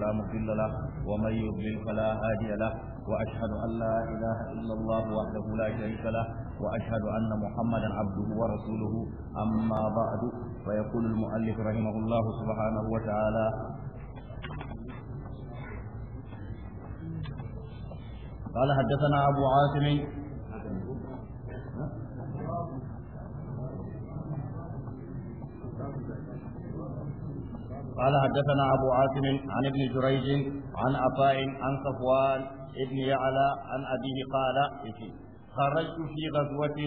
لا مضل له ومن يضلل فلا هادي له واشهد ان لا اله الا الله وحده لا شريك له واشهد ان محمدا عبده ورسوله اما بعد فيقول المؤلف رحمه الله سبحانه وتعالى قال حدثنا ابو عاصم قال حدثنا أبو عاصم عن ابن جريج عن عطاء عن صفوان ابن يعلى عن أبيه قال خرجت في غزوة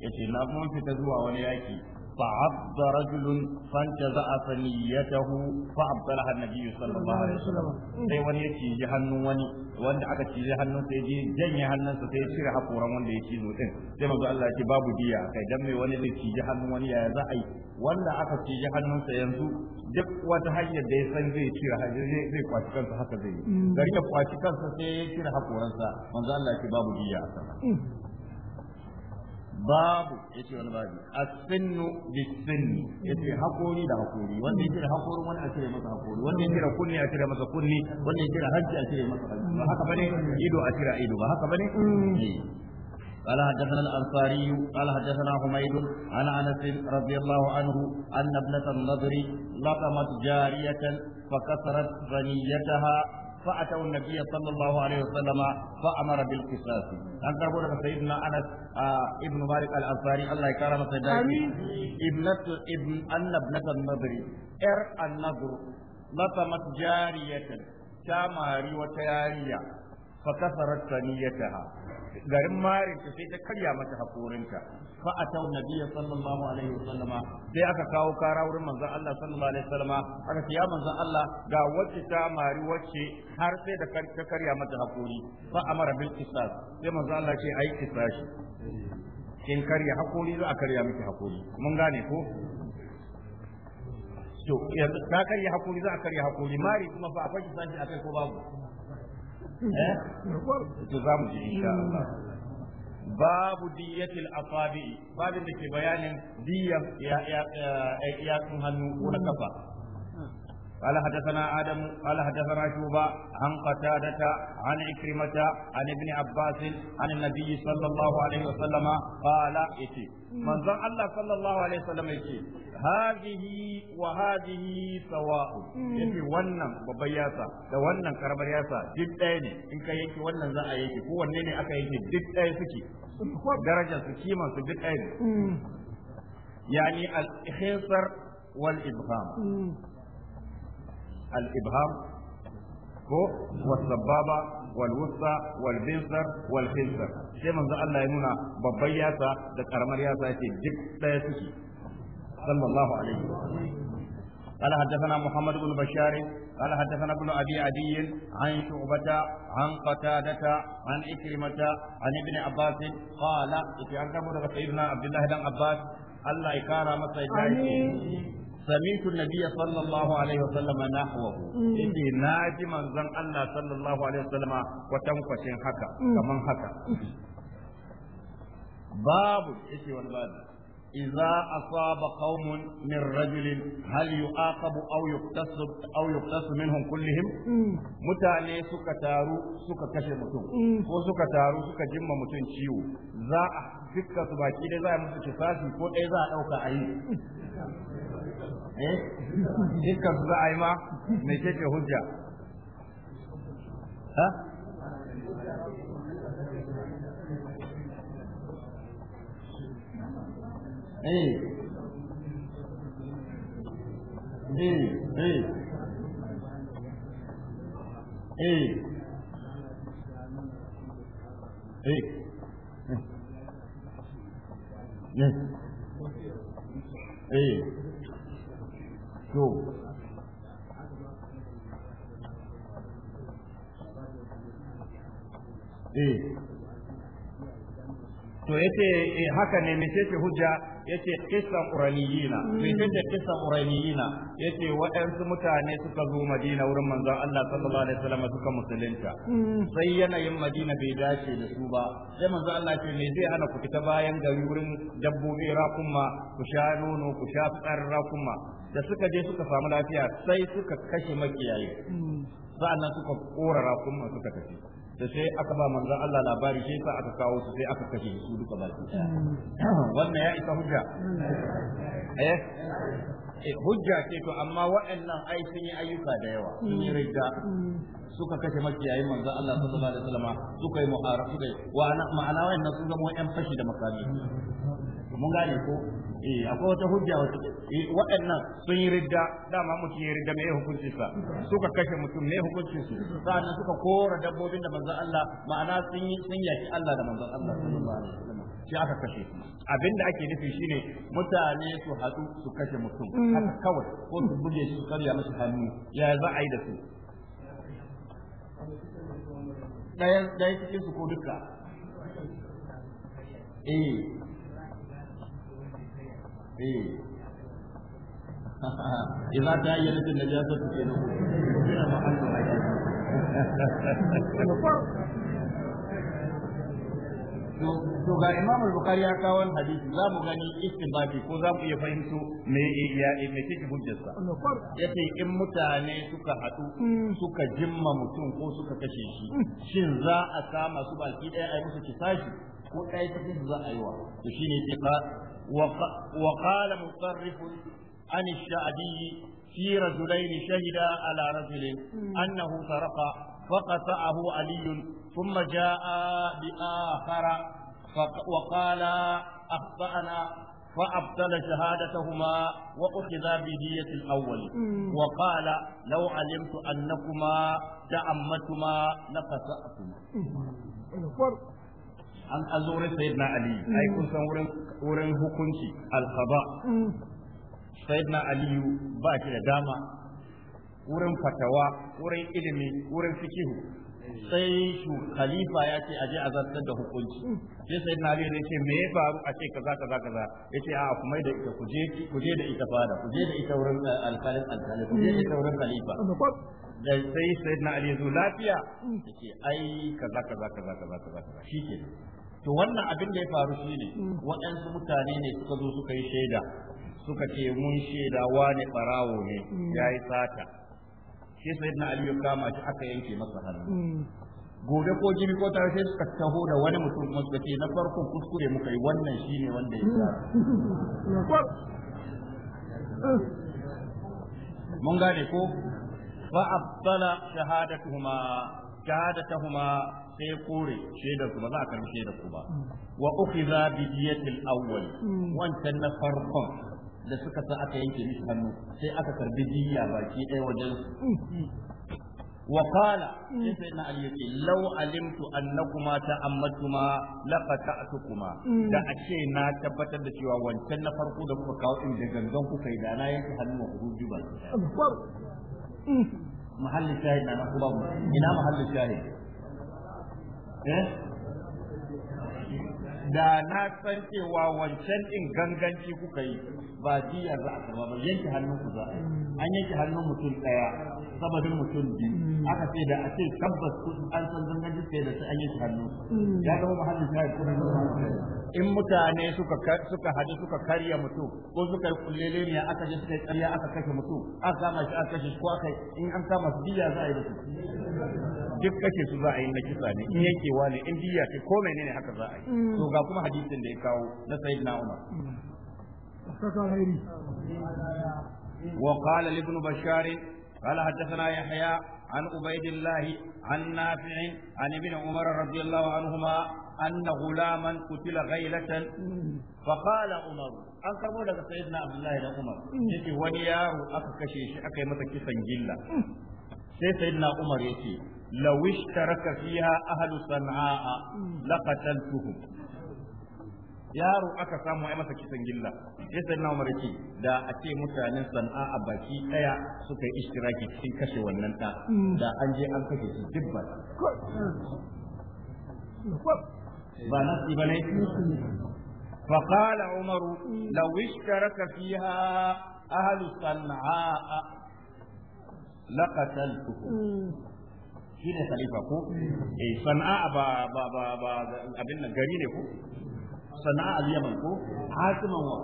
يتي نظم في تزوى وليأتي فعض رجل فانتزع فنيته فعضلها النبي صلى الله عليه وسلم sai wani ya ciji hannun wani wanda aka ciji hannun sai je janye hannunsa sai cire hakoran wanda ya cizo din sai manzo Allah ya babu diya kai dan mai wani zai ciji hannun wani yaya za a yi wanda aka ciji hannunsa yanzu duk wata hanyar da ya san zai cire zai zai kwaci kansa haka zai yi gari ya kwaci kansa sai ya cire hakoransa manzo Allah ya babu diya a sama babu yace wani babu as-sinnu bis-sinni yace hakori da hakori wanda yake da hakorin wanda ake masa hakori wanda yake da kunni a cire masa kunni wanda yake da hajji a cire masa hajji ba haka bane ido a cire ido ba haka bane mm. قال حدثنا الأنصاري قال حدثنا حميد عن أنس رضي الله عنه أن ابنة النضر لطمت جارية فكسرت ثنيتها فأتوا النبي صلى الله عليه وسلم فأمر بالقصاص أن تقول سيدنا أنس آه ابن مالك الأنصاري الله يكرم سيدنا ابنة ابن أن ابنة النضر إر النضر لطمت جارية تاماري وتيارية فكسرت ثنيتها garin marin ta sai ta karya mata hakorinta fa atau nabiyya sallallahu alaihi wasallam sai aka kawo kara wurin manzon Allah sallallahu alaihi wasallam aka ce ya manzon Allah ga wacce ta mari wacce har sai da ta karya mata hakuri fa amara bil qisas sai manzon Allah ce ai kisashi kin karya hakuri za a karya miki hakuri mun gane ko to yanzu ta karya hakuri za a karya hakuri mari kuma fa a fashi sashi akai ko babu eh to za mu ji insha Allah babu diyatil asabi babin da ke bayanin diyan ya ya ya hannu ko na kafa قال حدثنا آدم قال حدثنا شوبة عن قتادة عن عكرمة عن ابن عباس عن النبي صلى الله عليه وسلم قال إتي من ذا الله صلى الله عليه وسلم إتي هذه وهذه سواء إتي ونم ببياسة ونم كربرياسة جدين إن كان يكي ونم ذا أيكي هو النيني أكا يكي جدين سكي درجة سكيما سجدين يعني الخيصر والإبهام al-ibham ko wasababa walwusa walbinsar walhinsar sai manzo Allah ya nuna babban yatsa da karamar yasa yake duk daya suke sallallahu alaihi wa قال حدثنا محمد بن بشار قال حدثنا ابن ابي عدي عن شعبة عن قتادة عن إكرمة عن ابن عباس قال إذا سيدنا عبد الله بن عباس الله يكرمه سيدنا سمعت النبي صلى الله عليه وسلم نحوه إني ناجما زن الله صلى الله عليه وسلم وتنفشين حكا كمن حكا باب إيش والباب إذا أصاب قوم من رجل هل يعاقب أو يقتصب أو يقتص منهم كلهم متعني سكا سككش متون وسكتارو سكجم متون شيو ذا dukkan su baki dai za a musu kisasi ko ɗaya za a ɗauka a eh dukkan su za a yi ma mai ce hujja ha eh eh eh eh eh eh eh to eh to yace eh, haka ne mece ce hujja yace qissan uraniyina me mm. qissan uraniyina yace waɗansu mutane suka zo Madina wurin manzon Allah sallallahu alaihi wasallam suka musulunta mm. sai yanayin Madina bai dace da su ba sai manzon Allah ce me zai hana ku fita bayan gari wurin dabbobi rakuma ku sha nono ku sha tsar rakuma da suka je suka samu lafiya sai suka kashe makiyayi mm. sa'annan suka korara kuma suka tafi da sai aka ba manzon Allah labari sai sa aka kawo su sai aka kashe su duka baki mm. wannan ya isa hujja mm. eh, eh hujja ce to amma waɗannan ai sun yi ayyuka da yawa sun yi mm. ridda suka kashe makiyayin manzo Allah sallallahu alaihi wasallam suka yi muharafu da wa ma'ana wayannan sun zama yan fashi da makami mun gane ko eh akwai wata hujja wasu eh, waɗannan sun yi ridda dama mutum ya ridda mai hukuncin sa suka kashe mutum mai hukuncin su sa'annan suka kora dabbobin da manzon Allah ma'ana sun yi sun yaki Allah da manzon Allah sallallahu alaihi wasallam shi aka kashe abinda ake nufi shine mutane su haɗu su kashe mutum haka kawai ko su buge shi su karya masa hannu ya za a yi da su ɗaya cikin su ko duka eh إذا تعينت النجاسة في to ga imam al-bukhari ya kawo wannan hadisi za mu gani istinbati ko za mu iya fahimto me ya me kike hujjarsa yace in mutane suka hadu suka jimma mutum ko suka kashe shi shin za a kama su baki daya a musu kisashi ko dai cikin za a yi wa to shine ce وقال مصرف عن الشعبي في رجلين شهدا على رجل أنه سرق فقطعه علي ثم جاء بآخر وقال أخطأنا فأبطل شهادتهما وأخذ بدية الأول وقال لو علمت أنكما تعمتما لقطعتما an azurin sayyidina ali mm. ai kun san wurin wurin hukunci alqaba mm. sayyidina ali ba shi da dama wurin fatawa wurin ilimi wurin fikihu sai shu khalifa ya ce aje a zartar da hukunci mm. sai sai na ne ce me ya faru a ce kaza kaza kaza ya ce a kuma da ita kuje kuje da ita fada kuje da ita wurin eh, alkalin alkalin kuje da ita wurin khalifa da sai sai na ali zo lafiya yace ai kaza kaza kaza kaza kaza ke to wannan abin da ya faru shine mm. waɗansu mutane ne suka zo suka yi shaida suka ce mun shaida wani ɓarawo ne mm. ya yi sata shi sai na ya kama shi aka yanke masa hannu mm. gobe ko jibi ko tare sai suka taho da wani mutum kuma suka ce na farko kuskure muka yi wannan shi ne wanda ya sa mun gane ko fa abtala shahadatuhuma sai ya kore shaidar ku ba za a karbi shaidar ku ba wa ukhiza bi diyatil awwal wancan na farkon da suka sa aka yanke mishi hannu sai aka karbi diya baki ɗaya wajen sai وقال سيدنا علي لو علمت انكما تأمتما لقطعتكما da ake na tabbatar da cewa wancan na farko da kuka kawo in da gangan kuka yi da na yanke hannu wa ku juba mahallin shahid na na kuma ina mahallin shahid Eh? da na san cewa wancan din ganganci kuka yi ba jiya za a karba ba yanke hannun ku za a yi an yanke hannun mutum daya sabadin mutum biyu aka ce da a ce tabbas ku an san ganganci sai da sai an yanke hannun ya zama mahallin shahid kuma in mutane suka suka hadu suka karya mutum ko suka yi kullele ne aka je suka yi karya aka kashe mutum aka kama shi aka kashe shi ko aka in an kama su jiya za a yi da su duk kashe su za a yi na kisa ne in yankewa ne in diya ce ko menene haka za a yi to ga kuma hadisin da ya kawo na sayyidina Umar وقال لابن بشار قال حدثنا يحيى عن عبيد الله عن نافع عن ابن عمر رضي الله عنهما أن غلاما قتل غيلة فقال عمر أن كربو لك سيدنا عبد الله بن عمر يتي ونيار أكا كشيش أكا يمتك سنجلة سيدنا عمر يتي لو اشترك فيها أهل صنعاء لقتلتهم yaro aka samu ai masa kisan gilla sai sayyidina Umar yake da a ce mutanen sana'a a baki daya suka yi ishtiraki cikin kashe wannan da da an je an kashe su dibba ba nasi bane فقال عمر لو اشترك فيها أهل صنعاء لقتلتهم shine khalifa ko eh sana'a ba ba ba abin nan gari ne ko sana'a al-yaman ko hakiman wa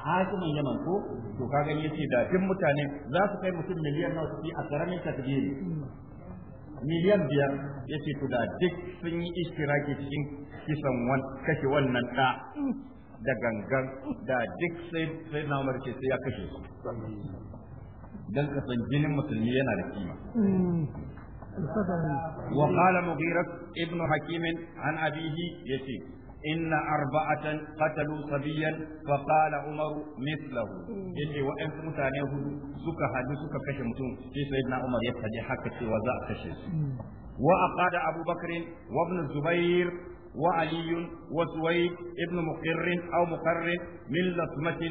hakiman yaman ko to ka gani yace da tun mutane za su kai mutum miliyan nawa su a karamin takdiri miliyan biyar yace to da duk sun yi istiraki cikin kisan kashe wannan da da gangan da duk sai sai na umarce sai ya kashe su dan kasan jinin musulmi yana da kima hmm. وقال مغيرة ابن حكيم عن أبيه يتيم إن أربعة قتلوا صبيا فقال عمر مثله إني وإن متانيه سكا هادو سكا كشمتون في سيدنا عمر يتحدي حكا وزاء كشم وأقاد أبو بكر وابن الزبير وعلي وسويد ابن مقر أو مقر من لطمة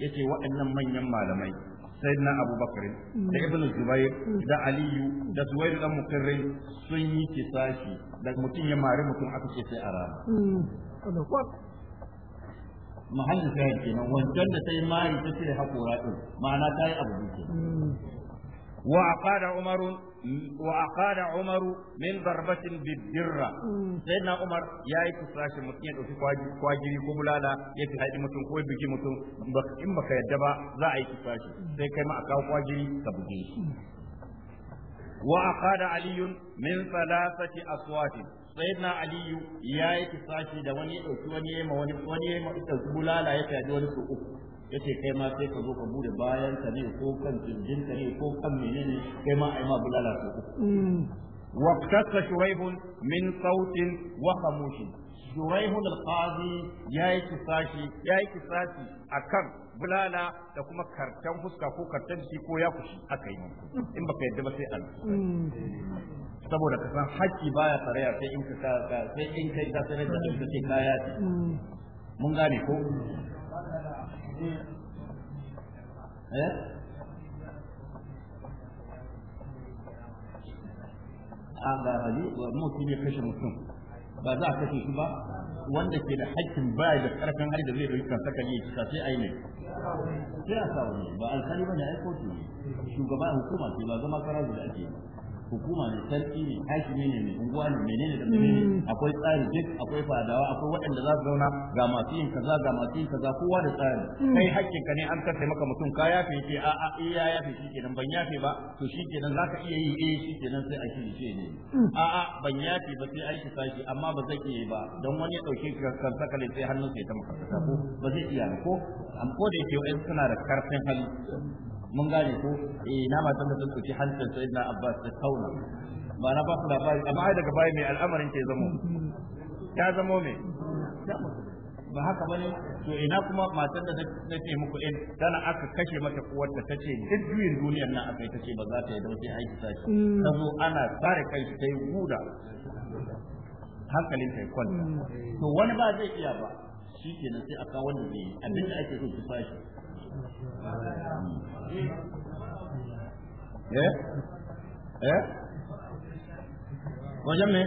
يتي وإن من يمال مي sayyidina abubakar da ibn zubair da aliyu da zubair dan muqarrin sun yi kisashi da mutum ya mare mutum aka ce sai a rama mahallin sai kenan wancan da sai mari ta ce hakora din ma'ana ta yi abu ne mm. wa وأخذ عمر من ضربة بالدرة سيدنا عمر يا يتساشي متين أو في كواجري كوبلالا يتي هاي متون كوي بيجي متون إن بك يدبا لا يتساشي سيكما أكاو كواجري كبجي وأخذ علي من ثلاثة أصوات سيدنا علي ya yi دواني da wani ya ɗauki wani ya ma wani wani ya yace kai ma sai ka zo ka bude bayan ka ne ko kan jinjin ka ne ko kan menene kai ma ai ma bulala hmm. ko واقتص شريح من صوت وخموش شريح القاضي يا كساشي يا كساشي أكم بلالا تكما كرتم فسكا كو كرتم سيكو ياكشي أكيم إن ba sai سيئل hmm. saboda ka san haƙƙi baya tsaraya sai in ka sai in kai da sanar da kaya hmm. mun gane ko eh a ba hali mutum ya kashe mutum ba za a kashe shi ba wanda ke da haƙƙin baya da ƙarfin hari da zai bai kan saka ne kika sai ai ne sai a sawo ba alƙali bane ai kotu ne shugaba hukuma ce ba zama karazu da ake ba hukuma ne sarki ne hakimi ne ne unguwa ne menene da menene mm. akwai tsari duk akwai fadawa akwai waɗanda za su zauna ga masu yin kaza ga masu yin kaza kowa da tsari mm. kai hakkin ka ne an karta maka mutum ka yafe ce a a eh ya yafe shikenan ban yafe ba to shikenan ka iya yi eh shikenan sai a kirice ne mm. a a ban yafe ba sai aiki sashi amma ba zai iya ba don wani ya dauke ka kan saka sai hannun sai ta maka ko ba zai iya ko an ko da yake wai suna da karfin hali mun gane ko eh na ma san da sun dauki hancin sayyidina Abbas da kauna ba na ba su labari amma ai daga baya mai al'amarin ke zamo ya zamo me ba haka bane to ina kuma matar da take muku in tana aka kashe mata kuwar da ta tace duk juyin duniyar nan aka yi ce ba za ta yi da sai aiki ta ta zo ana tsare kai ta yi guda hankalin ta yi kwanta mm. to wani ba zai iya ba shi ke nan sai a kawo wanda zai yi abin da ake so ki fashi eh eh wajen me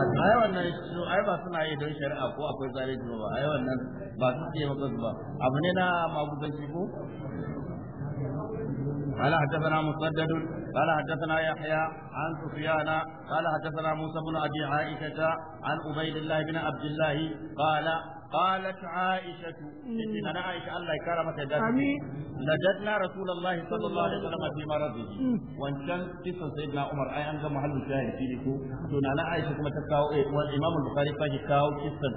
ai wannan su ai ba suna yi don shari'a ko akwai zalunci ba ai wannan ba su ce maka ba abu ne na magudanci ko قال حدثنا قال حدثنا يحيى عن سفيان قال حدثنا موسى بن أبي عائشة عن عبيد الله بن عبد الله قال قالت عائشة إن أنا عائشة الله كرمك لجدنا رسول الله صلى الله عليه وسلم في مرضه وانشان قصة سيدنا عمر أي أنزل محل الشاهد في لكو أنا عائشة كما تكاو والإمام البخاري فاجي كاو قصة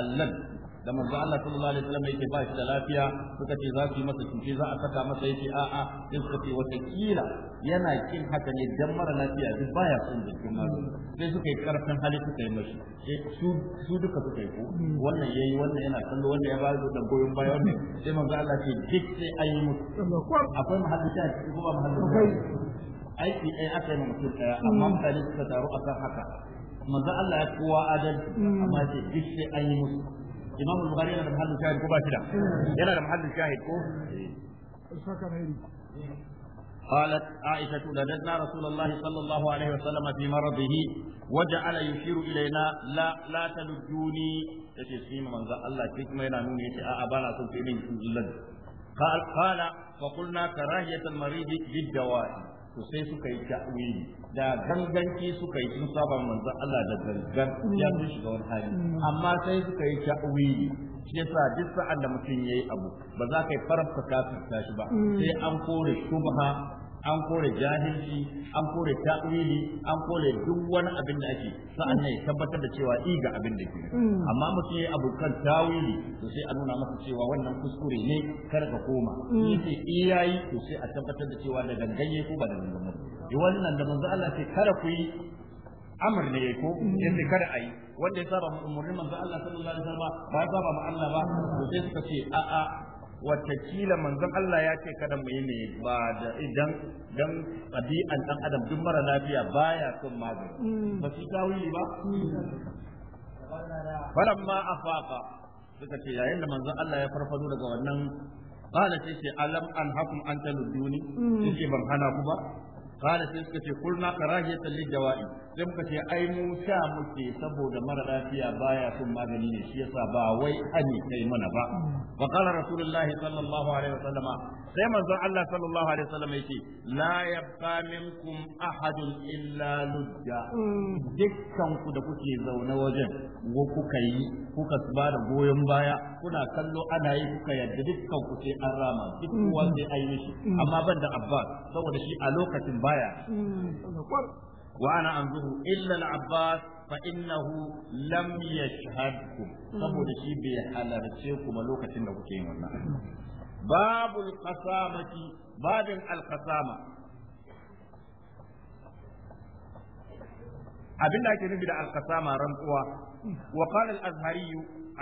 اللب da manzo Allah sallallahu alaihi wasallam yake ba shi da lafiya suka ce za su yi masa cuce za a saka masa yake a a sai suka ce wata kila yana kin haka ne dan mara lafiya duk baya son jikin magani sai suka yi karfin hali suka yi mashi eh, su duka suka yi ko wannan yayi wannan yana kallo wanda ya ba da goyon baya wannan sai manzo Allah ce duk sai an yi musu akwai mahallin shi ko ba mahallin aiki ɗaya aka yi mutum ɗaya amma mm. mutane suka taru a akan haka manzo Allah ya kowa adalci mm. amma sai duk sai an yi musu imam al-bukhari yana da mahallin shahid ko ba shi da yana da mahallin shahid ko قالت عائشة لددنا رسول الله صلى الله عليه وسلم في مرضه وجعل يشير إلينا لا لا تلجوني تشي سيما من الله كيكما ينانوني يشي أبانا سلطة إليه قال فقلنا كراهية المريض بالدواء to sai suka yi ta'wili da ganganci suka yi sun saba manzo Allah da gangan ya su shiga wani hali amma sai suka yi ta'wili shi yasa duk sa'an da mutum yayi abu ba za ka yi farafka kafin tashi ba mm. sai an kore shubha an kore jahilci an kore ta'wili an kore duk wani abin da ake sa'an ne tabbatar da cewa i ga abin da ke mm. amma mutum yayi abu kan ta'wili to sai a nuna masa cewa wannan kuskure ne kar ka koma mm. yace i yayi to sai a tabbatar da cewa da gangaye ko ba da gangaye yi wannan da manzo Allah sai kada ku yi amr ne ko yadda kada a yi wanda ya saba umarnin manzo Allah sallallahu alaihi wasallam ba ya saba ma Allah ba to sai suka ce a'a watakila manzon Allah ya ce kada mu yi ne ba da idan dan ɗabi'an dan adam duk mara lafiya baya son magani mm. ba su tawili ba mm. falamma afaqa suka ce yayin da manzon Allah ya farfado daga wannan qala sai ce alam an hakum an taluduni mm. yake ban hana ku ba qala sai suka ce kulna karahiyatan sai muka ce ai mu sha muke saboda mara lafiya baya son magani ne shi yasa ba wai ani kai mana ba wa qala rasulullahi sallallahu alaihi wasallama sai manzon Allah sallallahu alaihi wasallama yace la yabqa minkum ahadun illa lujja dukkan ku da kuke zaune wajen ko kuka yi kuka ba da goyon baya kuna kallo ana yi kuka yadda dukkan ku sai an rama duk wanda ai mishi amma ban da Abbas saboda shi a lokacin baya mm. وانا انظر الا العباس فانه لم يشهدكم saboda shi bai halarce kuma lokacin da kuke yin wannan babul qasamati babin ake nufi da al qasama rantsuwa wa qala al azhari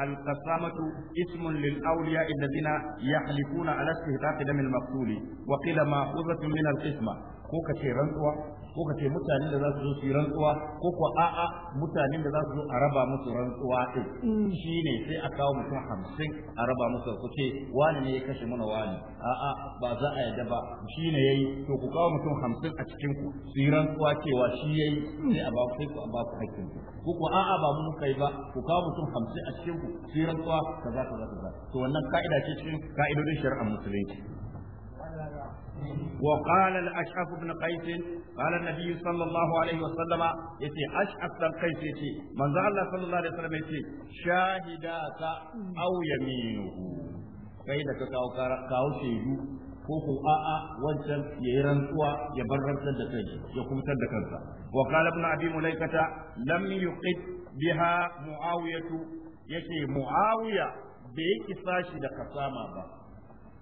al qasamatu ismun lil awliya alladhina yahlifuna ala istihqaq dam al maqtul wa qila ma'khuzatun min al qisma ko ka ce rantsuwa ko ka ce mutanen da za su zo su yi rantsuwa ko ko a'a mutanen da za su zo a raba musu rantsuwa din shine sai a kawo mutum hamsin a raba musu ku ce wani ne ya kashe mana wani a'a ba za a yadda ba shine yayi to ku kawo mutum hamsin a cikin ku su yi rantsuwa cewa shi yayi sai a ba ku sai ku a ba ku hakkin ku ko a'a ba mun kai ba ku kawo mutum hamsin a cikin ku su yi rantsuwa kaza kaza kaza to wannan ka'ida ce cikin ka'idodin shari'ar musulunci وقال الأشعف بن قيس قال النبي صلى الله عليه وسلم يتي أشعف بن قيس يتي من ذا الله صلى الله عليه وسلم يتي شاهدات أو يمينه فإذا كاو كاو شيدو ko ko a'a wancan ya yi rantsuwa ya bar rantsar da kai ya kubutar da kansa wa qala ibn abi mulaikata lam biha muawiyatu yace muawiya bai kisa shi da kasama ba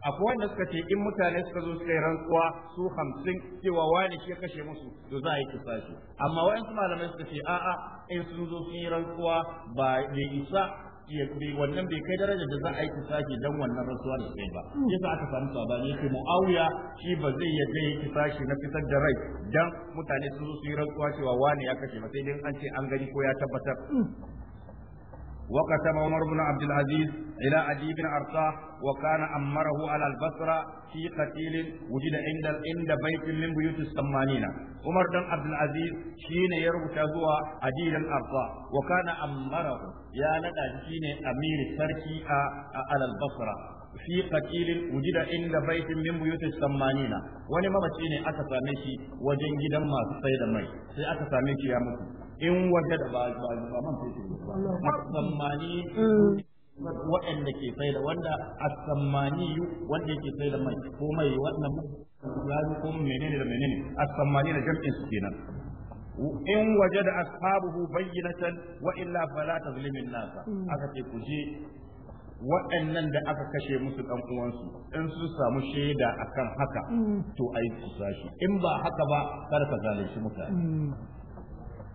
akwai wanda suka ce in mutane suka zo suka yi rantsuwa su hamsin cewa wani shi kashe musu to za a yi kisashi amma wa'yansu malamai suka ce a'a in sun zo sun yi rantsuwa ba bai isa wannan bai kai daraja da za a yi kisashi dan wannan rantsuwa da kai ba yasa aka samu sabani yake muawiya shi ba zai yadda yi kisashi na fitar da rai dan mutane sun zo sun yi rantsuwa cewa wani ya kashe ba sai dai an ce an gani ko ya tabbatar وقسم عمر بن عبد العزيز إلى عدي بن أرطاه وكان أمره على البصرة في قتيل وجد عند عند بيت من بيوت السمانين عمر بن عبد العزيز شين يربط زوا عدي بن أرطاه وكان أمره يا ندى شين أمير تركي على البصرة fi qatilin wujida inda baitin min buyut sammanina wani mamaci ne aka same shi wajen gidan masu sai mai sai aka same shi ya mutu in waje da ba ba ba man sai sammani waɗanda ke sai wanda as-sammani wanda yake sai mai ko mai wannan zai ko menene da menene as-sammani da jam'in su kenan in waje da ashabuhu bayyinatan wa illa fala tazlimin nasa aka ce ku je waɗannan da aka kashe musu ɗan uwansu in sun samu shaida akan haka mm. to ai kusa shi in ba haka ba kar ka zalunci mutane mm.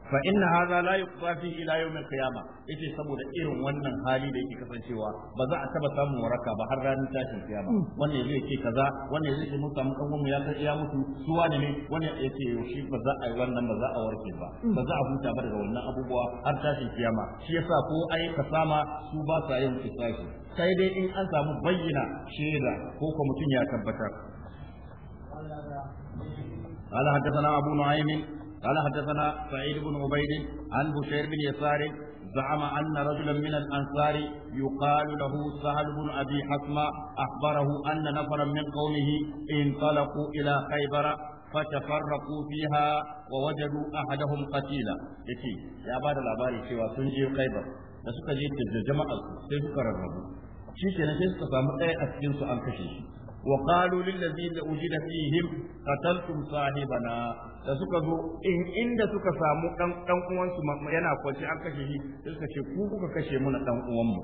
fa inna hadha la yuqda fi ila yawm al-qiyama yace saboda irin wannan hali da yake kasancewa ba za a taba samun waraka ba har ranar tashin kiyama wannan zai ce kaza wannan zai ce mun samu kangon ya ya mutu suwa ne ne wannan yace shi ba za a yi wannan ba za a warke ba ba za a huta ba daga wannan abubuwa har tashin kiyama shi yasa ko ai sama su ba sa yin kisashi sai dai in an samu bayyana shaida ko kuma mutum ya tabbatar قال حدثنا أبو نعيم قال حدثنا سعيد بن عبيد عن بشير بن يسار زعم أن رجلا من الأنصار يقال له سهل بن أبي حسمة أخبره أن نفرا من قومه انطلقوا إلى خيبر فتفرقوا فيها ووجدوا أحدهم قتيلا يتي يا بعد العبارة سوى سنجي خيبر da suka je da jama'ar sai suka rarrabu shi kenan sai suka samu ɗaya a cikin su an kashe shi وقالوا للذين وجد فيهم قتلتم صاحبنا da suka zo in inda suka samu dan dan yana kwanci an kashe shi suka ce ku kuka kashe mu na dan uwanmu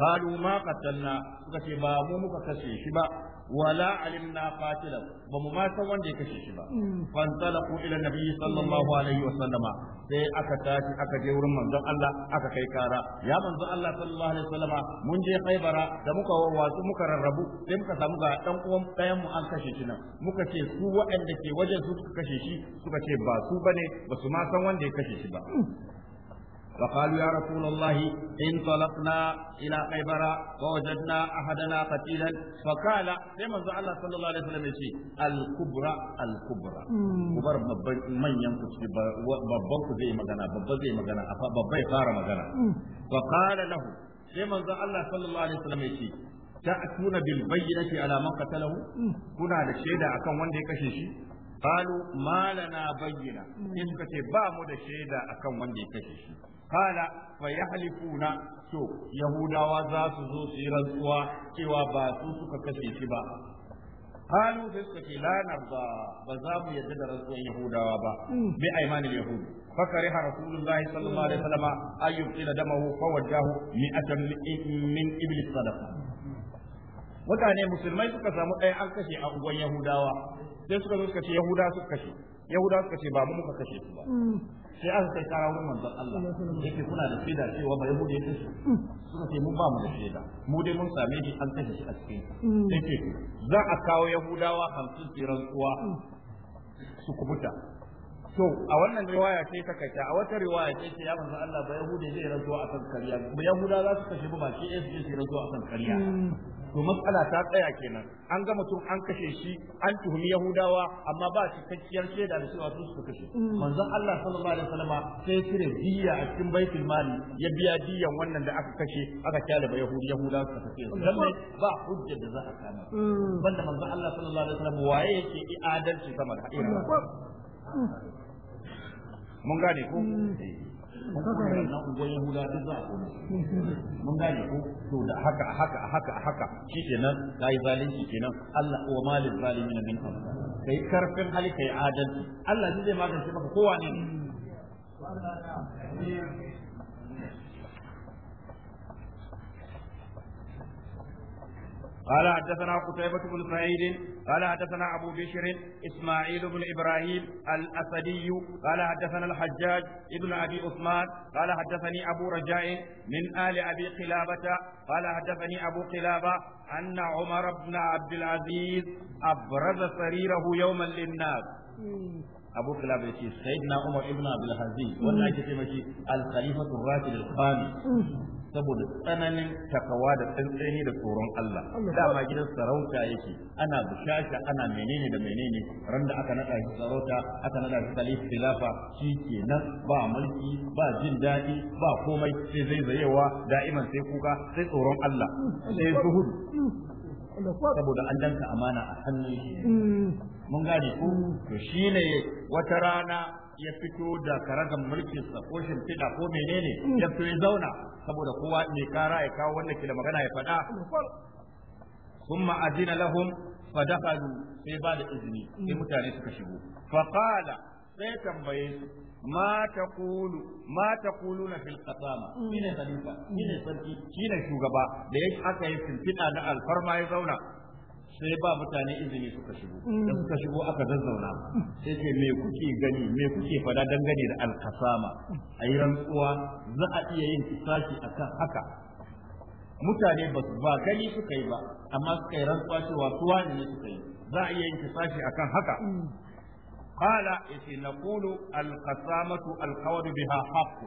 qalu ma qatalna suka ce ba mu muka kashe shi ba wala alimna qatilahu ba mu ma san wanda ya kashe shi ba mm. fantalaqu ila nabiyyi sallallahu alaihi wa sallama sai aka tashi aka je wurin manzon Allah aka kai kara ya manzon Allah sallallahu alaihi wa sallama mun je Khaibara da muka wasu muka rarrabu sai muka samu ga dan uwan ɗayan mu an kashe shi nan muka ce su waɗanda ke wajen su suka kashe shi suka ce ba su bane ba su ma san wanda ya kashe shi ba mm. فقالوا يا رسول الله انطلقنا إلى خيبر فوجدنا أحدنا قتيلا فقال كما الله صلى الله عليه وسلم يقول الكبرى الكبرى كبر من ينقص ببنك زي مغنى ببنك زي مغنى ببنك فار مغنى فقال له كما الله صلى الله عليه وسلم يقول تأتون بالبينة على من قتله كنا لشهد أكون وندي كشيشي قالوا ما لنا بينة إن كتبا مدى شهد أكون وندي كشيشي qala fa na to yahudawa za su zo su yi rantsuwa cewa ba su suka kashe shi ba قالوا فسك لا نرضى Ba يدد رسول يهودا وابا بأيمان اليهود فكره رسول الله صلى الله عليه وسلم أن يبطل دمه فوجاه مئة من إبل الصدقة mutane musulmai suka samu ɗaya an kashe a yahudawa sai suka zo suka ce yahuda suka kashe yahuda suka ce ba mu muka kashe su ba sai aka kai kara wurin manzon Allah yake kuna da shaida cewa ba yahudi yake su suka ce mun ba mu da shaida mu dai mun same shi an kashe shi a cikin yake za a kawo yahudawa hamsin tsiran rantsuwa su kubuta to a wannan riwaya ce ta kaita a wata riwaya ce ce ya manzo Allah ba yahudi zai rantsuwa akan kariya ba yahuda za su kashe ba shi eh zai rantsuwa akan kariya to matsala ta tsaya kenan an ga mutum an kashe shi an tuhumi yahudawa amma ba shi kakkiyar shaida da cewa su kashe mm. manzon Allah sallallahu alaihi wasallam sai cire diya a cikin baitul mali ya biya diyan wannan da aka kashe aka kyale ba yahudi yahuda suka kashe dan mm. ba hujja da za a kama mm. banda manzon Allah sallallahu alaihi wasallam waye yake adalci sama da irin mun gane ko eh. na ungon yahuda duk za a kone mun gane ko to da haka haka haka haka shi kenan kai zalunci kenan Allah wa malil zalimin min kai karfin hali kai adalci Allah zai magance maka kowa ne قال حدثنا قتيبة بن سعيد قال حدثنا أبو بشر إسماعيل بن إبراهيم الأسدي قال حدثنا الحجاج ابن أبي عثمان قال حدثني أبو رجاء من آل أبي قلابة قال حدثني أبو قلابة أن عمر بن عبد العزيز أبرز سريره يوما للناس abu kilab ya ce sayyidina umar ibn abdul aziz wanda ake ce mashi al khalifatu rasul al saboda tsananin takawa da tsantsani da tsoron Allah dama gidan sarauta yake ana bushasha ana menene da menene ran da aka nada shi sarauta aka nada shi kalif khilafa shi ba mulki ba jin daɗi ba komai sai zai zayewa da'iman sai kuka sai tsoron Allah sai zuhud saboda an danka amana a hannun shi mm. mun gane ko mm. to shine wata rana ya fito da karagan mulkinsa ko shimfiɗa ko menene ya fito ya zauna saboda kowa ne kara ya kawo wannan ke magana ya faɗa ثم أذن لهم فدخلوا sai ba da izini sai mutane suka shigo qala sai tambaye su ma taqulu ma taquluna fil qasama shine khalifa shine sarki shine shugaba da yake aka yi shimfiɗa na alfarma ya zauna sai ba mutane izini suka shigo mm. da suka shigo aka zazzauna sai ce me kuke gani me kuke fada dangane da alkasama a yi rantsuwa za a iya yin a akan haka mutane ba ba gani suka yi ba amma suka yi rantsuwa cewa suwa ne suka yi za a iya yin a akan haka mm. قال يتي نقول القسامة القول بها حق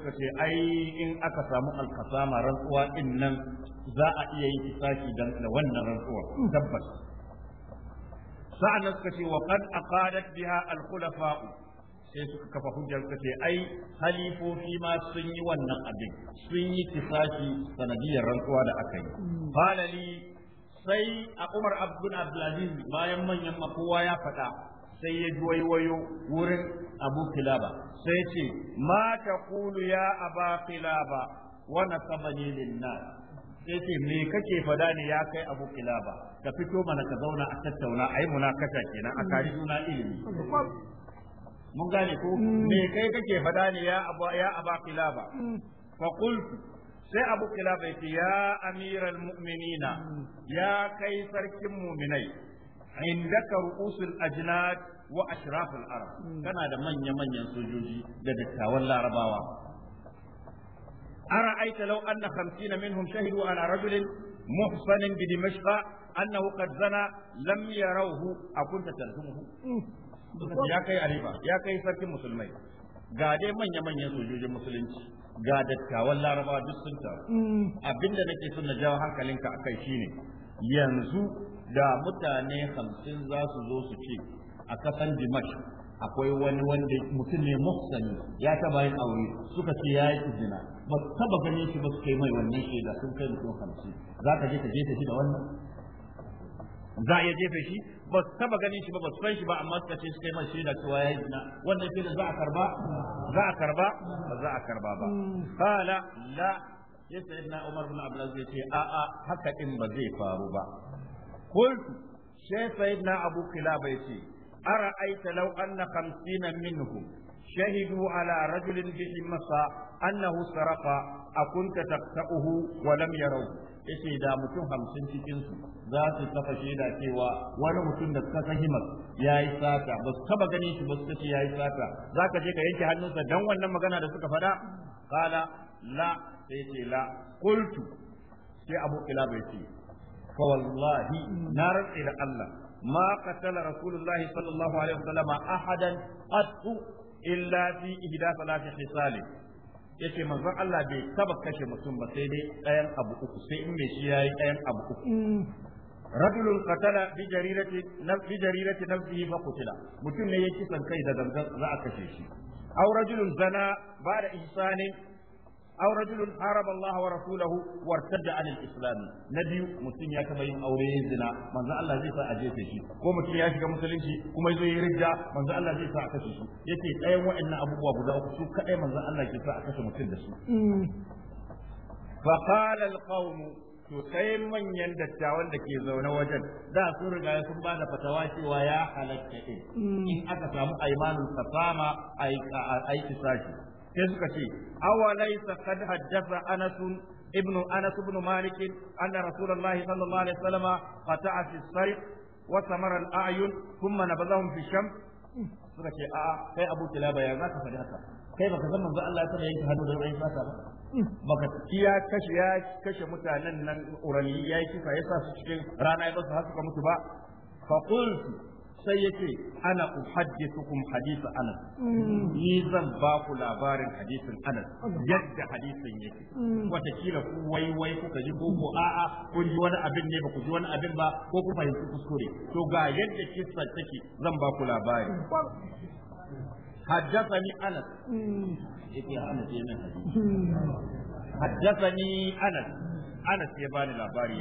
za أي إن أقسام القسامة رنقوا إن ذا أي تساكي دن ون رنقوا تبس سعنا سكتي وقد أقالت بها الخلفاء sai suka kafa hujjar suka ce ai halifofi ma sun yi wannan abin sun yi kisaki sanadiyar rantsuwa da aka yi falali sai a umar abdul abdulaziz bayan manyan makowa ya faɗa sai ya ji waiwayo wurin abu kilaba sai ce ma Kulu ya aba kilaba wana sabani linna sai ce me kake fada ne ya kai abu kilaba ka fito mana ka zauna a tattauna a yi munakasha kenan a kari juna ilimi mun gane ko mm. me kai kake fada ne ya abu ya aba kilaba mm. fa qultu sai abu kilaba ya amiral mu'minina ya kai sarkin mu'minai عندك رؤوس الأجناد وأشراف العرب كان هذا من يمن ينسجوجي لدك ولا رباوة أرأيت لو أن خمسين منهم شهدوا على رجل محصن بدمشق أنه قد زنى لم يروه أكنت تلزمه يا كي أريبا يا كي سرك مسلمين ga dai manya-manyan sojojin musulunci ga dattawan larabawa duk sun taru abinda nake son na jawo hankalinka akai shine yanzu da mutane hamsin za su zo su ce a kasan dimash akwai wani wanda mutum ne muhsani ya taba yin aure suka ce ya yi izina ba su taba ganin shi ba su kai mai wannan shaida sun kai mutum hamsin za ka je ka jefe shi da wannan za a iya jefe shi ba su taba ganin shi ba ba su san shi ba amma suka ce su kai mai shaida cewa ya yi zina? wannan shaida za a karba za a karba ba za a karba ba qala la ya na umar bin abdulaziz ya ce a'a haka in ba zai faru ba qultu sai sayyidina abu kilaba yace ara'aita لو anna 50 منهم شهدوا على رجل bihi masa annahu sarafa akunta taqta'uhu ولم يروا yaraw yace da mutum hamsin cikin su za su kafa shaida cewa wani mutum da suka himar ya yi sata ba su taba ganin shi ba su ce ya yi sata za ka je ka yanke hannunsa dan wannan magana da suka faɗa kala la sai ce la qultu sai abu ila bai ce فوالله نار إلى الله ما قتل رسول الله صلى الله عليه وسلم أحدا قط إلا في ثلاث خصال yace manzon Allah bai taba kashe mutum ba sai dai ɗayan abu uku sai in mai shi yayi ɗayan abu uku rajulun qatala bi jarirati fa mutum ne ya kisan kai da za a kashe shi au rajulun zana ba da ihsanin aw rajulun haraba Allah wa rasulahu wartadda an al-islam na biyu mutum ya taba yin aure zina manzo Allah zai sa a jefe shi ko mutum ya shiga musulunci kuma zai yi ridda manzo Allah zai sa a kashe shi yace ɗayan waɗannan abubuwa guda uku su kadai manzo Allah ke sa a kashe mutum da su fa qala al manyan dattawan da ke zaune wajen da sun riga sun ba da fatawa cewa ya halatta in aka samu imanin fasama ai ai kisashi sai suka ce awalaysa qad haddatha anas ibn anas ibn malik anna rasulullahi sallallahu alaihi wasallam qata'a fi wa samara al-a'yun thumma nabadhahum fi suka ce kai abu ya zaka faɗi haka kai baka san manzo Allah ya hannu da rai fata ba baka ya kashe ya kashe mutanen nan urani ya yi kifa ya sa su cikin rana ya haka mutu ba fa qultu sai yake ana uhaddithukum hadith anas mm. ni zan ba ku labarin hadisin anas yadda hadisin yake mm. wata kila ku wai wai kuka ji ko a'a kun ji wani abin ne ba ku ji wani abin ba ko ku fahimci kuskure to ga yadda kissa take zan ba ku labari حدثني انس حدثني انس انس يباني لاباري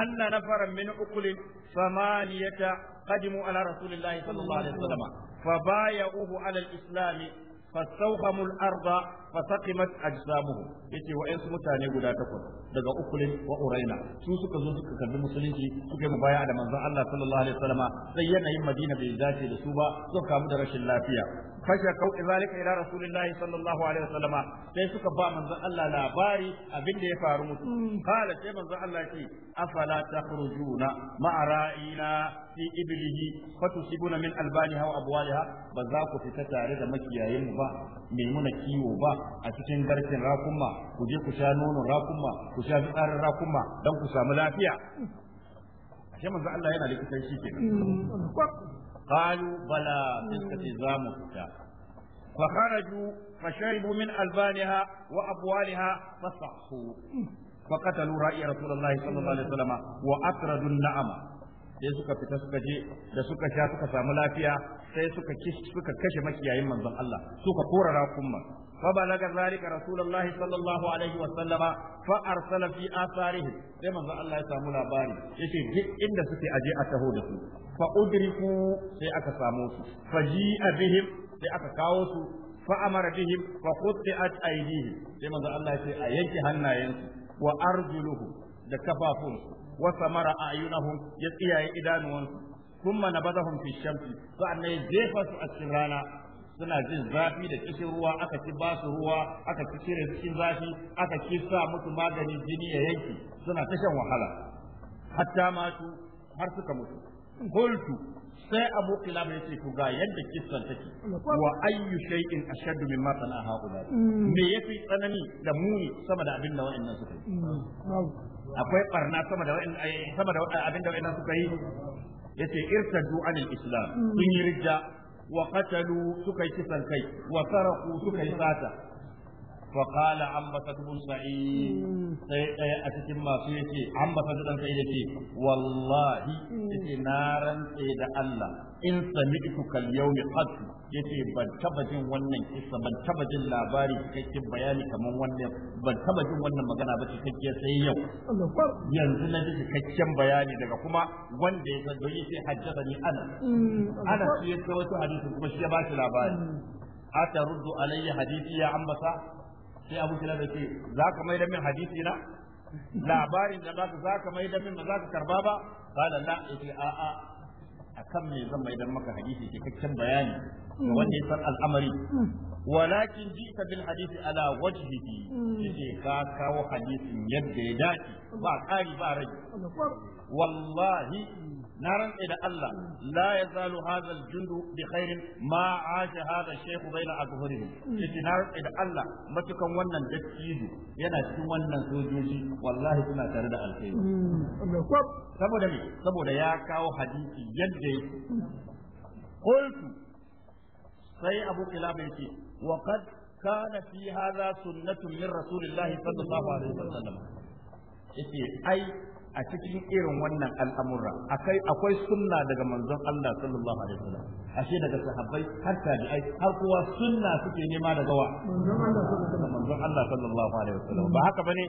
أن نفرا من ukulin samaniyata. قدموا على رسول الله صلى الله عليه وسلم فبايعوه على الاسلام فاستوهموا الارض فسقمت اجسامهم يتي وان متاني غدا تكون daga ukulin wa uraina su suka zo suka kalli musulunci suka mu baya da manzon Allah sallallahu alaihi wasallam sai yanayin Madina bai dace da su ba suka kamu da rashin lafiya fashakau zalika ila rasulillahi sallallahu alaihi wasallam sai suka ba manzon Allah labari abin da ya faru musu kala sai manzon Allah ce afala takhrujuna ma'a ra'ina fi iblihi fatusibuna min albaniha wa abwaliha ba za ku fita tare da makiyayin mu ba mai muna kiwo ba a cikin garkin rakumma ku je ku sha nonon rakumma ku sha fitsarin rakumma dan ku samu lafiya ashe manzo Allah yana likitan shi kenan mm. قالوا بلى تلك زام فتاة فخرجوا فشربوا من ألبانها وأبوالها فصحوا فقتلوا رأي رسول الله صلى الله عليه وسلم وأطردوا النعمة sai suka fita suka je da suka sha suka samu lafiya sai suka kashe makiyayin manzon Allah suka kora rakunman فبلغ ذلك رسول الله صلى الله عليه وسلم فأرسل في آثاره لما ذا الله يسامو لاباري يشي جئ إن سكي أجي أتهو دسو فأدركوا سي أكساموس فجيء بهم سي أكاوس فأمر بهم فقطعت أيديهم لما ذا الله يسي أيجي هنا ينسو وأرجله دكفافون وثمر أعينهم يسقيا إدانون ثم نبذهم في الشمس فأنا يجيفا سؤال suna jin zafi da cikin ruwa aka ci ba su ruwa aka ci cire cikin zafi aka ci sa musu magani jini ya yanki suna ta shan wahala hatta su har suka mutu qultu sai abu kilaba yace ku ga yadda kissan take wa ayyu shay'in min ma sana haula me yafi tsanani da muni sama da abin da wa'annan suka yi akwai barna sama da wa'annan eh, sama da abin da wa'annan suka yi yace irtadu anil islam sun yi rijja wa qatalu suka yi kisan kai wa saraku suka yi sata fa qala ambasat bin sa'id sai ɗaya a cikin masu yace ambasat dan sa'id yace wallahi yace na rantse da Allah in sami'tu kal yawmi qad yace ban taba jin wannan kissa ban taba jin labari cikakken bayani kamar wannan ban taba jin wannan magana ba cikakke sai yau yanzu na ji cikakken bayani daga kuma wanda ya san don yace ni ana ana shi yace wasu hadisi kuma shi ya ba shi labari mm. ata ruddu alayya hadisi ya ambata sai abu kila da ce za ka mai da min hadisi na labarin da za ka mai da min ba za ka karba ba qala la yace a'a akan me zan mai dan maka hadisi cikakken bayani ga wanda ya san al'amari walakin jita bil hadisi ala wajhihi yace ka kawo hadisin yadda ya dace ba kari ba rage wallahi na rantse da Allah la yazalu hadha al-jund bi khairin ma asha hadha al-shaykh bayna azhurihim yace na rantse da Allah matukan wannan dattijo yana cikin wannan sojoji wallahi suna tare da alkhairi mm. saboda me saboda ya kawo hadisi yadda yake sai abu kilaba yace wa qad kana fi ai a cikin irin wannan al'amura akai akwai sunna daga manzon Allah sallallahu alaihi wasallam ashe daga sahabbai har tabi'ai har kowa sunna suke nema daga wa manzon Allah sallallahu alaihi wasallam ba haka bane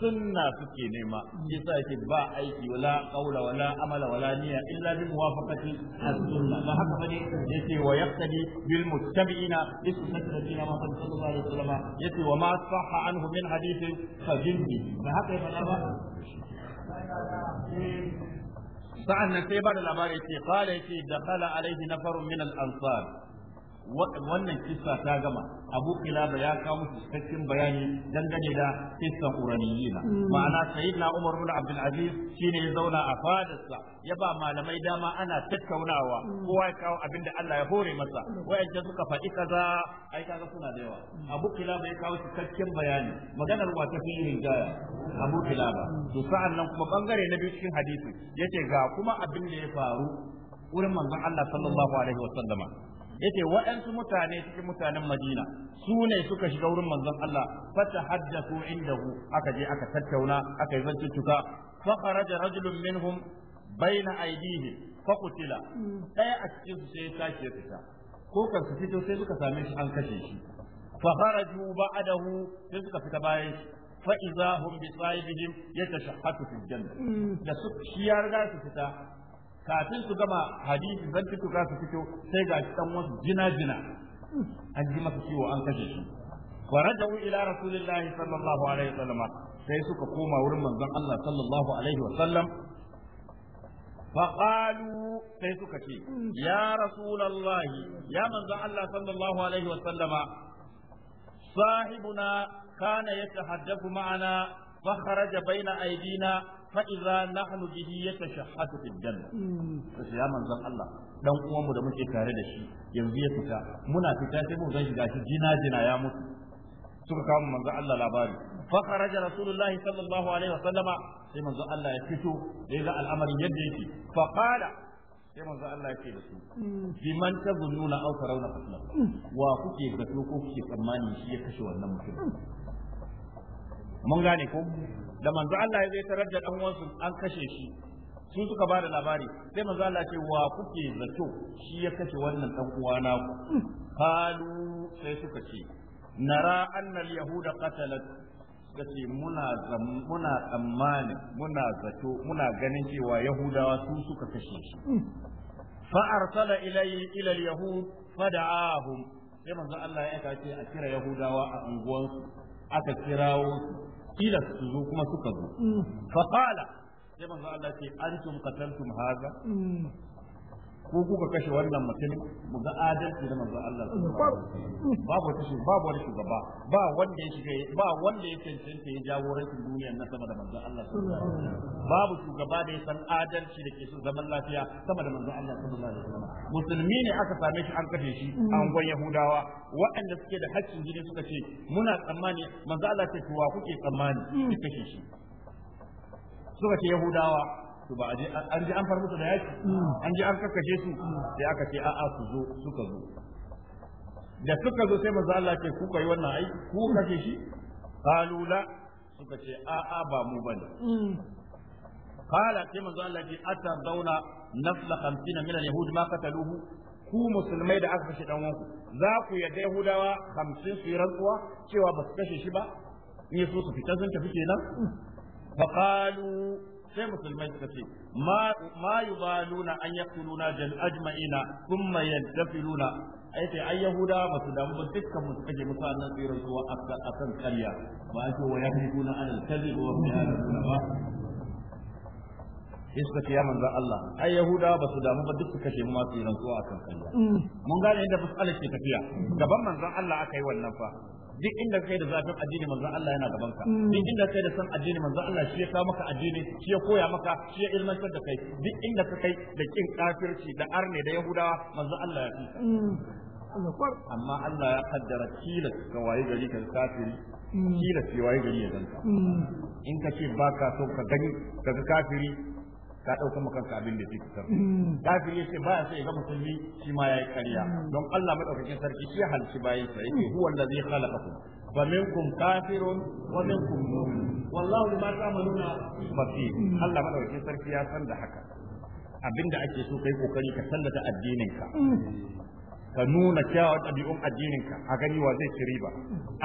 sunna suke nema yasa yake ba aiki wala qawla wala amala wala niyya illa bi muwafaqati as-sunna ba haka bane yace wa yaqtadi bil muttabi'ina bi sunnati nabiyina Muhammad sallallahu alaihi wasallam yace wa ma sahha anhu min hadithin fa jinni ba haka ba Eh, sa'an nan sai ba da labari ce qala yace dakala alaihi na min minal ansar wannan kissa ta gama abu kilaba ya kawo cikakken bayani dangane da kissan uraniyina hmm. ma'ana sayyidina umar bin abdul aziz shine ya zauna a fadarsa ya ba malamai dama ana tattaunawa hmm. kowa ya kawo abin da Allah ya hore masa hmm. wayanda suka faɗi kaza ai kaga suna da yawa abu kilaba ya kawo cikakken bayani maganar wa ta fi yin jaya abu kilaba to sa'an nan kuma bangare na biyu cikin hadisi yace ga kuma abin da ya faru wurin manzon Allah sallallahu alaihi wasallama yace waɗansu mutane cikin mutanen Madina su ne suka shiga wurin manzon Allah fata haddathu indahu aka je aka tattauna aka yi zantuttuka fa kharaja rajulun minhum baina aydihim fa qutila ɗaya a cikin su sai ta tashi ya fita ko kan su fito sai suka same shi an kashe shi fa kharaju ba'dahu sai suka fita bayan shi fa idza hum bi sahibihim yatashahhatu fil janna mm. da su shi ya riga su fita kafin su gama hadisi zan fito za su fito sai ga dan wasu jina jina an ji masa ciwo an kashe shi farajau ila rasulillahi sallallahu alaihi wasallam sai suka koma wurin manzon Allah sallallahu alaihi wasallam فقالوا سيسكتي يا رسول الله يا من ذا الله صلى الله عليه وسلم صاحبنا كان يتحدث معنا فخرج بين أيدينا فإذا mm. ya به يتشحت في الجنة يا ya زم Allah? dan uwanmu da muke tare da shi yanzu ya fita muna fita sai mun shiga shi jina jina ya mutu suka kawo manzo Allah labari fa rasulullahi sallallahu alaihi wasallama sai manzo Allah ya fito ya ga al'amarin yadda yake fa qala sai manzo Allah ya ce da su mm. biman tazunnuna aw tarawna qatla mm. wa kuke zato ko kuke tsammani shi ya kashe wannan mutum mun gane ko da manzo Allah ya zai tarar da dan uwansu an kashe shi Sun suka ba labari sai manzo Allah ce wa kuke zato shi ya kashe wannan dan uwana ku Halu sai suka ce nara annal yahuda qatalat kace muna muna tsammani muna zato muna ganin cewa yahudawa su suka kashe shi fa arsala ilayhi ila yahud sai manzo Allah ya aika ce a kira yahudawa a unguwansu aka kirawo su tilas su zo kuma suka zo mm. fa qala sai manzo Allah ce antum qataltum hadha mm. ko kuka kashe wannan mutum mu ga adalci da manzo Allah babu tashi babu wani shugaba ba wanda ya shiga ba wanda ya cancanta ya jagorancin duniya na sama da manzo Allah babu shugaba da ya san adalci da ke so zaman lafiya sama da manzo Allah sallallahu alaihi wasallam musulmi ne aka same shi an kashe shi an gwan yahudawa waɗanda suke da haƙƙin jini suka ce muna tsammani manzo Allah ce kuwa kuke tsammani kashe shi suka ce yahudawa to ba an ji an far musu da yaki an ji an kakkashe su sai aka ce a'a su zo suka zo da suka zo sai manzo Allah ce ku kai wannan aiki ku kashe shi qalu suka ce a'a ba mu bane qala sai manzo Allah ce dauna nafla 50 min al-yahud ma qataluhu ku musulmai da aka kashe dan wanku za ku yadda yahudawa 50 su yi rantsuwa cewa ba su kashe shi ba in so su fita sun tafi kenan فقالوا sai musulmai suka ce ma yubaluna an yaqtuluna jal ajma'ina thumma yadfiluna ai sai ai yahuda ba su damu ba dukkan mu suka je musu annan tsiran zuwa akan karya ba ake wa yahduna an al-kadhib wa yahduna ba Iska suka ce ya manzo Allah ai yahudawa ba su damu ba duk suka ce mu masu rantsuwa akan kanya mm. mun gane inda fasalar ke tafiya gaban manzan Allah aka yi wannan fa duk inda kai da zafin addini manzon Allah yana gaban ka mm. duk inda kai da san addini manzon Allah shi ya kawo maka addini shi ya koya maka shi ya ilmantar da kai duk inda ka kai da kin kafirci da arne da yahudawa manzon Allah ya fi mm. amma Allah ya kaddara tilas ga waye gari kan kafiri mm. tilas ya waye gari ya zanta in ka ce ba ka so ka gani ka ga kafiri ka ɗaukar maka abin da suke kan ya ce ba ya sai ga musulmi shi ma ya yi ƙarya mm. don Allah madaukakin sarki shi halci bayin sa yake huwa allazi khalaqakum فمنكم كافر ومنكم مؤمن والله بما تعملون بصير الله مدوكين sarki ya san da haka abinda ake so kai kokari ka sallata addinin ka ka nuna kyawun ɗabi'un addininka a gani wa zai ci riba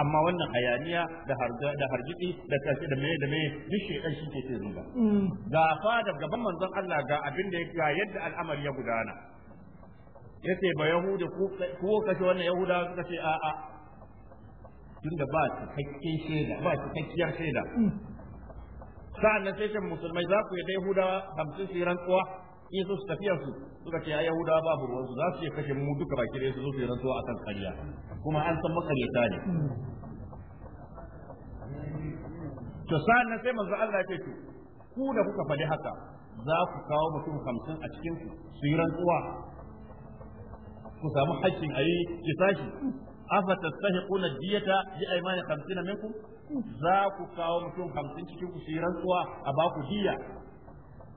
amma wannan hayaniya da da harjiki da tashi da meye da meye duk shedan shi ke cin riba ga fada gaban manzon Allah ga abin da ga yadda al'amari ya gudana yace ba yahuda ko kace wannan yahuda suka ce a'a tunda ba su cikakken shaida ba cikakkiyar shaida sa'an nan sai musulmai za ku yi da yahuda hamsin su yi in su tafiya su suka ce yahuda babu ruwansu za su iya kashe mu duka baki da su zo su yi rantsuwa kan karya kuma an san makaryata ne to sa'an nan sai manzo Allah ya ce ku da kuka faɗi haka za ku kawo mutum hamsin a cikin su yi rantsuwa ku samu haƙƙin a yi kisashi sahi tastahiquna diyata bi aymani a minku za ku kawo mutum hamsin cikin ku su yi rantsuwa a baku diya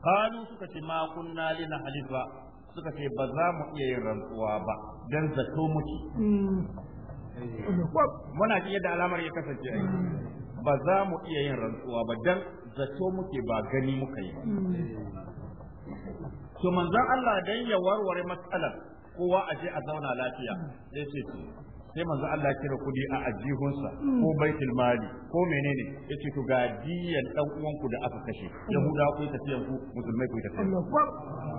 kanu suka ce ma kunna lina halifa suka ce ba za mu iya yin rantsuwa ba don zato muke muna ji yadda alamar ya kasance ai ba za mu iya yin rantsuwa ba don zato muke ba gani muka yi to manzon Allah dan ya warware matsalar kowa a je a zauna lafiya sai ce sai manzo Allah kira kudi a ajihunsa ko baitul mali ko menene yace to ga diyan dan uwanku da aka kashe yahuda ku tafiyan ku musulmai ku tafiyan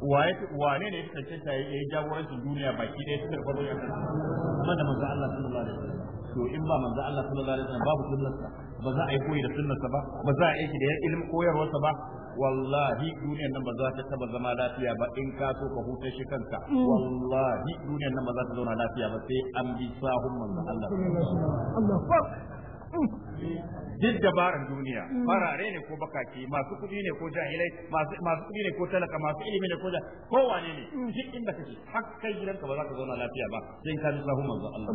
wane ne ya cancanta ya yi jagorancin duniya baki ɗaya tun da farko ya kuma da manzo Allah sallallahu alaihi wasallam to in ba manzo Allah sallallahu alaihi wasallam babu sunnarsa ba za a yi koyi da sunnarsa ba ba za a yi da ilimin koyarwarsa ba wallahi duniyar nan ba za ta taba zama lafiya ba in ka so ka hutar shi kanka wallahi duniyar nan ba za ta zauna lafiya ba sai an bi sahun manzo Allah sallallahu alaihi wasallam Mm. duk dabaran duniya mm. farare ne ko bakaki masu kuɗi ne ko jahilai masu kuɗi ne ko talaka masu ilimi ne ko da kowane ne mm. duk inda kake har kai gidanka ba za ka zauna lafiya ba sai ka ji sahun manzo Allah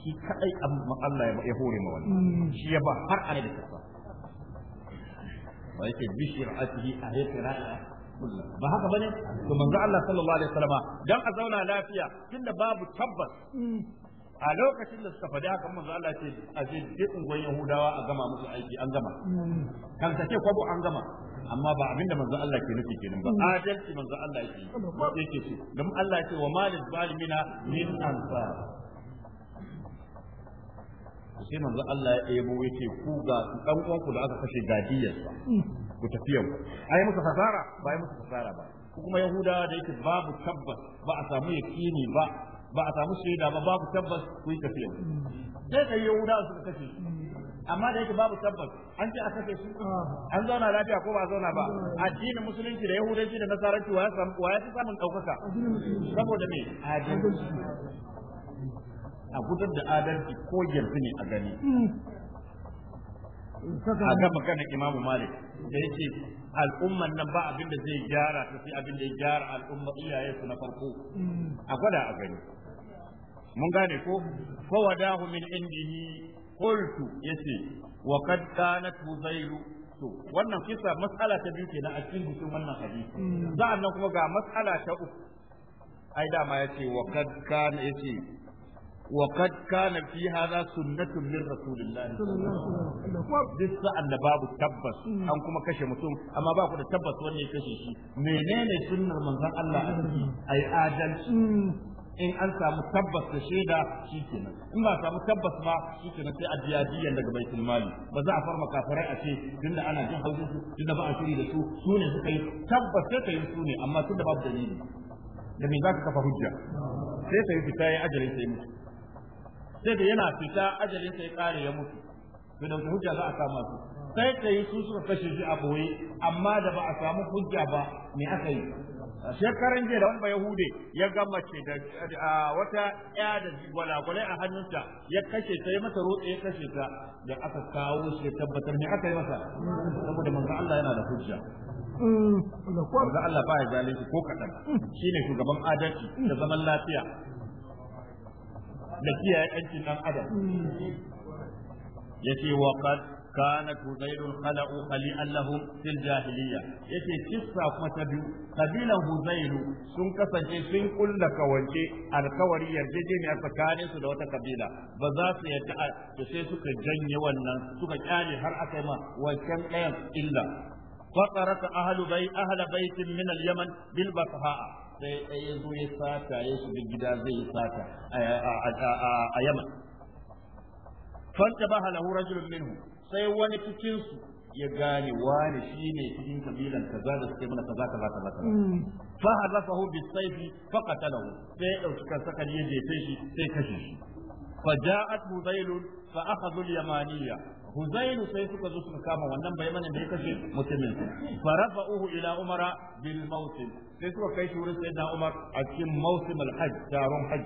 shi kadai Allah ya hore ma wannan shi ya ba har ana da kasa ba yake bishir atihi a yake ba haka bane to manzo Allah sallallahu alaihi wasallam dan a zauna lafiya tunda babu tabbas a lokacin da suka faɗi haka manzo Allah ce a je dukkan ungon Yahudawa a gama musu aiki an gama kan ta ce kwabo an gama amma ba abin da manzo Allah ke nufi kenan ba adalci manzo Allah yake yake shi dan Allah ya ce wa malil zalimina min ansar sai manzo Allah ya ɗebo yake ku ga dan ku da aka kashe gadiyarsa ku yau ai musu fasara ba ai musu fasara ba kuma Yahudawa da yake babu tabbas ba a samu yakini ba ba a samu shaida ba babu tabbas ku yi tafiya sai ka yi yahuda suka kashe amma da yake babu tabbas an ce a kashe shi. an zauna lafiya ko ba a zauna ba addinin musulunci da yahudanci da nasaranci wa ya samu wa ya fi samun ɗaukaka saboda me adalci a gudan da adalci ko yanzu ne a gani a ga magana imamu malik da yake al'umman nan ba abin da zai gyara ta sai abin da ya gyara al'umma iyayensu na farko a gwada a gani mun gane ko fawadahu min indihi qultu yace wa qad kanat muzairu to wannan kisa mas'ala ta biyu kenan a cikin cikin wannan hadisi za'an hmm. nan kuma ga mas'ala ta uku ai dama yace wa qad kana yace وقد كان في هذا سنة من رسول الله صلى الله عليه وسلم duk sa'an da babu tabbas hmm. an kuma kashe mutum amma ba ku da tabbas wanda ya kashe shi menene sunnar manzon Allah a ciki ai adalci hmm. in an samu tabbas da shaida shi nan in ba samu tabbas ba shi nan sai a biya diyan daga baitul mali ba za a farma kafirai a ce tunda ana jin haushin su tunda ba a shiri da su su ne suka yi tabbas sai ka yi su ne amma tunda babu dalili da me za ka kafa hujja sai ka yi fita ya ajalin sai mutu sai da yana fita ajalin sai kare ya mutu to da hujja za a kama su sai ka yi su suka kashe shi a boye amma da ba a samu hujja ba me aka yi shekaran jiya da wani yahude ya gama ce da wata ya da gwalagwale a hannunta ya kashe ta ya mata rotse ya kashe ta da aka kawo shi tabbatar ne aka yi masa saboda manzo Allah yana da hujja manzo Allah ba ya zalunci ko kadan shine shugaban adalci da zaman lafiya da kiyaye yancin dan adam ce wa كانت هذيل خلع خليئا لهم في الجاهلية يتي قصة فتبي قبيلة هذيل سن كسجي سن كل كوانجي الكوري يرجي من أفكاري سدوة قبيلة بذات يتعى تسي سكا جنيا ونن سكا جاني هر أكما وكم أيام إلا فقرت أهل بيت أهل بيت من اليمن بالبطحاء sai ɗaya zo ya sata ya shiga gida zai sata a yaman fanta ba halahu rajulun minhu sai wani cikin su ya gane wani shine cikin kabilan kaza da suke mana kaza kaza kaza kaza mm. fa hadafahu bisayfi fa qatalahu sai dauki kansa kan yaje shi sai kashe shi فجاءت هذيل فأخذوا اليمانية هذيل سيسك زسك كاما ونم بيمن بيك شيء مسلمين فرفعوه إلى عمر بالموسم سيسك كيش سيدنا عمر أكيم موسم الحج دار حج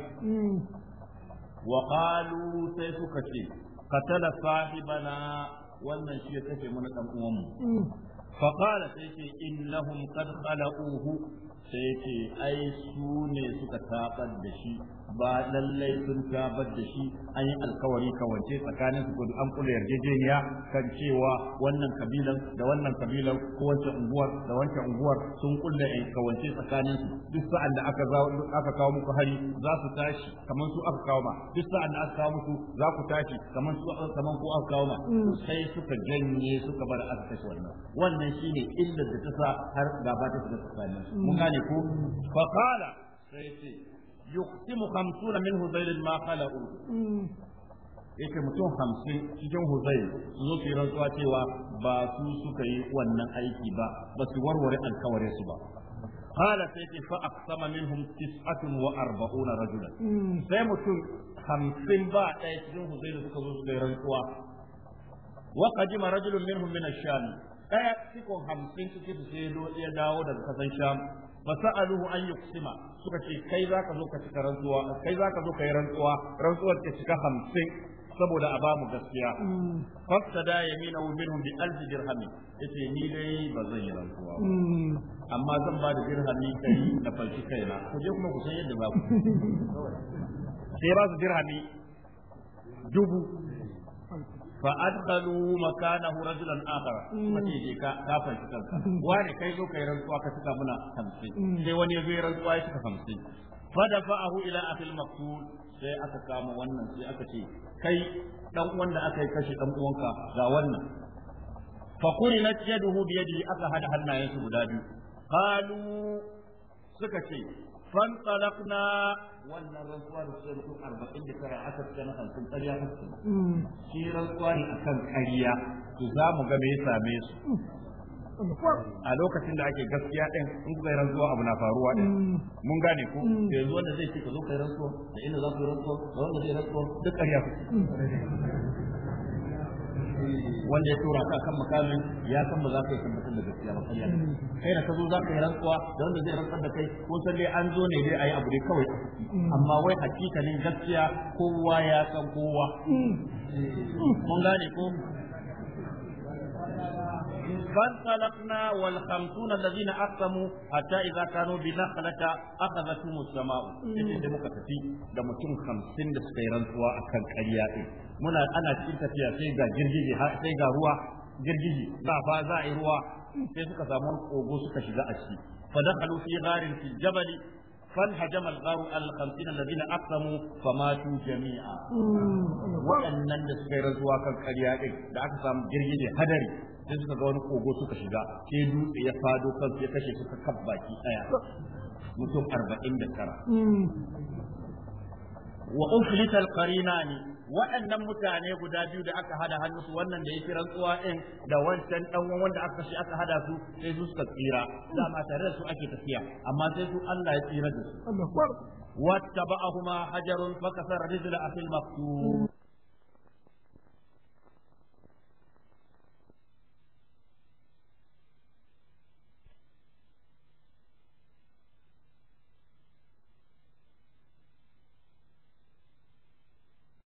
sai suka شيء qatala sahibana wannan shi ya kashe mana dan uwan mu mm. fa qala sai ce innahum qad khala'uhu sai ce ai su ne suka tabar da shi ba lallai sun gabar da shi an yi alkawari kawance tsakanin su kudu an kula yarjejeniya kan cewa wannan kabilan da wannan kabilan ko wancan unguwar da wancan unguwar sun kulla kawance tsakanin su duk sa'an da aka aka kawo muku hari za su tashi kamar su aka kawo ma duk sa'an da aka kawo muku za ku tashi kamar su kamar ko aka kawo ma mm. sai suka janye suka bar aka kashe wannan wannan shine illa da ta sa har gaba ta shiga tsakanin mun gane ko mm. fa qala sai ce yuqsimu خمسون min هزيل ما khala'u yake mutum hamsin cikin huzai su zo su yi rantsuwa cewa ba su suka yi wannan aiki ba ba su warware alkawarin su ba Hala sai قال min فأقسم منهم wa arba'una رجلا mm. sai mutum hamsin ba ɗaya cikin huzai da suka zo su yi rantsuwa wa qadima rajulun minhum min ash-sham ɗaya cikin hamsin cikin su sai ya dawo daga kasan sham fasa'aluhu an yuqsima suka ce kai zaka zo ka cika rantsuwa kai zaka zo ka yi rantsuwa rantsuwar ta cika 50 saboda a bamu gaskiya Yamina yaminahu minhum bi alf dirham yace ni dai ba zan yi rantsuwa amma zan ba da dirhami kai na falki na, ko je kuma ku san yadda ba ku sai ba su dirhami dubu Fa فادخلوا مكانه رجلا اخر مace ce ka ka fanci kanka mm. wani kai zo kai rantsuwa ka tuka muna kamshi mm. sai wani ya zo ya rantsuwa ya tuka fa fadafa'ahu ila akhil maqtul sai aka kama wannan sai aka ce kai dan wanda aka yi kashe dan uwanka ga wannan fa kurina yaduhu bi yadihi aka hada hannayen su guda biyu qalu suka ce فانطلقنا wannan rantsuwa da suka rufu arba'in da tara aka fita na hamsin ƙarya ta su shi rantsuwa ne akan ƙarya za mu ga me same su a lokacin da ake gaskiya din in kuka yi abu na faruwa din mun gane ko yanzu wanda zai ce ka zo kai da inda za ku yi da wanda zai duk wanda ya tura ka kan makamin ya san ba za ka yi tabbatar da gaskiya ba kai kai da ka zo za ka yi rantsuwa da wanda zai rantsar da kai ko san dai an zo ne dai ayi abu dai kawai amma wai hakikanin gaskiya kowa ya san kowa hmm. eh, mun gane ko فانطلقنا والخمسون الذين أقسموا حتى إذا كانوا بنخلة أخذتهم السماء إذا مكة في لما تكون خمسين دسكيران سواء كان كريائي منا أنا كنت فيها سيجا جرجيجي سيجا روا جرجيجي لا فازا روا sai suka samu kogo suka shiga a ciki fa dakhalu fi gharin fi jabali فانهجم الغار الخمسين الذين أقسموا فماتوا جميعا waɗannan da suka yi rantsuwa kan ƙarya ɗin da aka samu jirgi ne hadari sai suka ga wani kogo suka shiga sai dutse ya fado kan ya kashe suka kan baki ɗaya mutum arba'in da tara hmm. wa uflita alqarinani waɗannan mutane guda biyu da aka hada hannu su wannan da ya fi tsuwa ɗin da wancan ɗan wanda aka shi aka hada su sai su suka tsira a tare da su ake tafiya amma sai su Allah ya tsira da su wattaba'ahuma hajarun fakasar rijla afil